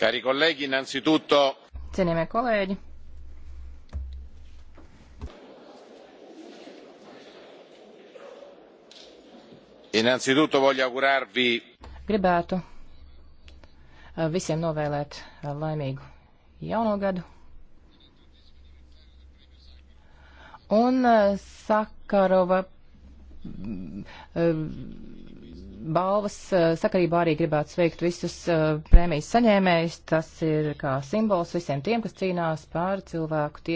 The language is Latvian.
Cari colleghi, innanzitutto. Cienījamie kolēģi. Innanzitutto voglio augurarvi. Gribētu eh, visiem novēlēt eh, laimīgu jauno gadu. Un eh, Sakarova mm, balvas eh, sakarībā arī gribētu sveikt visus eh, prēmijas saņēmējus. Tas ir kā simbols visiem tiem, kas cīnās pār cilvēku tiesību.